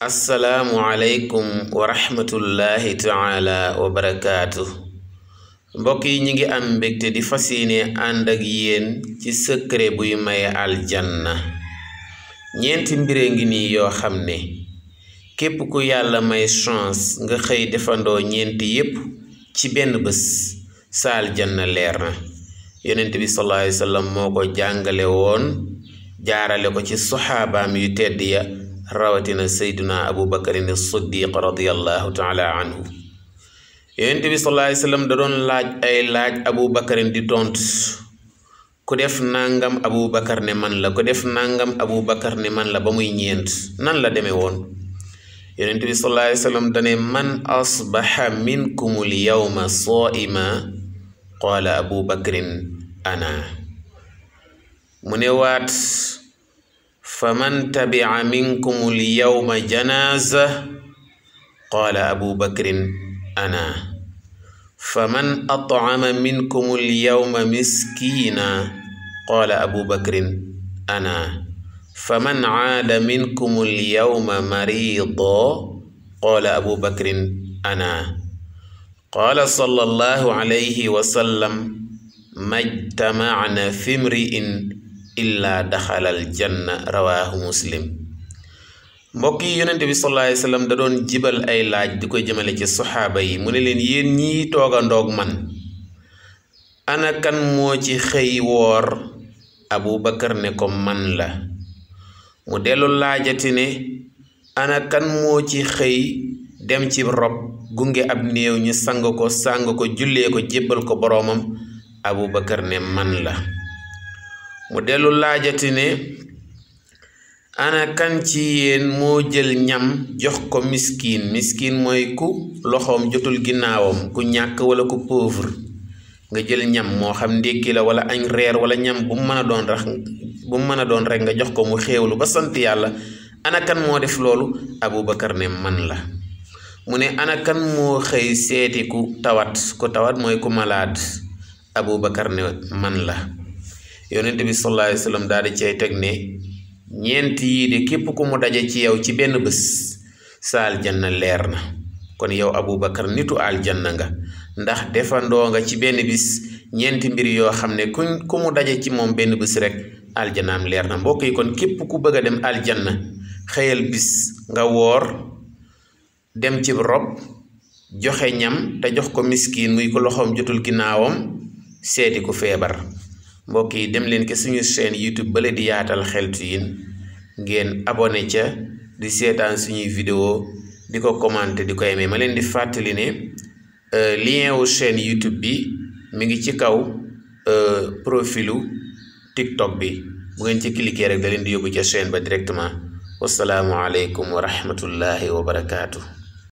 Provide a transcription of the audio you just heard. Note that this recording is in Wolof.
asalaamualeykum wa rahmatullahi taala wa mbokk yi ñu ngi am mbégte di fas yéene ànd ak yéen ci secret buy maye aljanna ñeenti mbire ngi nii yoo xam ne képp ku yàlla may chance nga xëy defandoo ñeenti yépp ci benn bés sa aljanna leer na yonent bi sallallahu alayhi moo ko jàngale woon jaarale ko ci soxaabaam yu tedd ya rawatina seyduna abu bakarin siddiq radiallahu taala anhu yonent bi sallallahu laaj ay laaj abu bakarin di tontu ku def nangam abu bakar ne man la ku def nangam abu bakar ne man la ba muy ñeent nan la demee woon yonent bi sallallahu alayhi wasallam dane man asbaha minkumul yawma saa'ima qaala abu bakrin ana mu ne waat faman tabia minkum lyawma janaza qaala abu bakrin ana faman atcama minkum lyawma miskina qaala abu bakrin ana faman caada minkum lyawma marido qaala abu bakrin ana qaala sallallahu alayhi wa sallam majtamacna fi mri'in illaa daxalal janna rawaahu muslim mbokk yi yonente bi sallallahu da doon jibal ay laaj di ko jëmale ci saxaaba yi mu ne leen yéen ñii toogandoog man ana kan moo ci xëy woor abu bakar ne ko man la mu dellu laajati ne ana kan moo ci xëy dem ci rob gunge ab néew ñu sang ko sang ko jullee ko jébbal ko boroomam abu bakar ne man la mu dellu laajati ne ana ci yéen moo jël ñam jox ko miskin miskin mooy ku loxoom jotul ginnaawam ku ñàkk wala ku pauvre nga jël ñam moo xam ndékki la wala añ reer wala ñam bu mu mën a doon rax rek nga jox ko mu xéewlu ba sant yàlla ana moo def loolu Abubakar ne man la mu ne ana kan moo xëy seeti ku tawat ku tawat mooy ku malade Abubakar ne man la yonent bi sallallahu alayhi wa sallam daal di cay teg ne ñeent yii de képp ku mu daje ci yow ci benn bés sa aljanna leer na kon yow Aboubacar nitu aljanna nga ndax defandoo nga ci benn bis ñeenti mbir yoo xam ne kuñ ku mu daje ci moom benn bis rek aljanaam leer na mbokk yi kon képp ku bëgg a dem aljanna xëyal bis nga woor dem ci rob joxe ñam te jox ko miskin muy ko loxoom jotul ginnaawam seeti ku feebar mbokk yi dem leen ci suñu chaîne YouTube bële di yaatal xeltu yin ngeen abone ca di seetaan suñuy vidéo di ko commenté di ko aimé ma leen di fàttali ne euh, lien wu chaîne YouTube bi mu ngi ci kaw euh, profilu TikTok bi bu ngeen ci cliquer rek da leen di yóbbu ca chaîne ba directement wasalaamualeykum wa rahmatullahi wa barakaatu.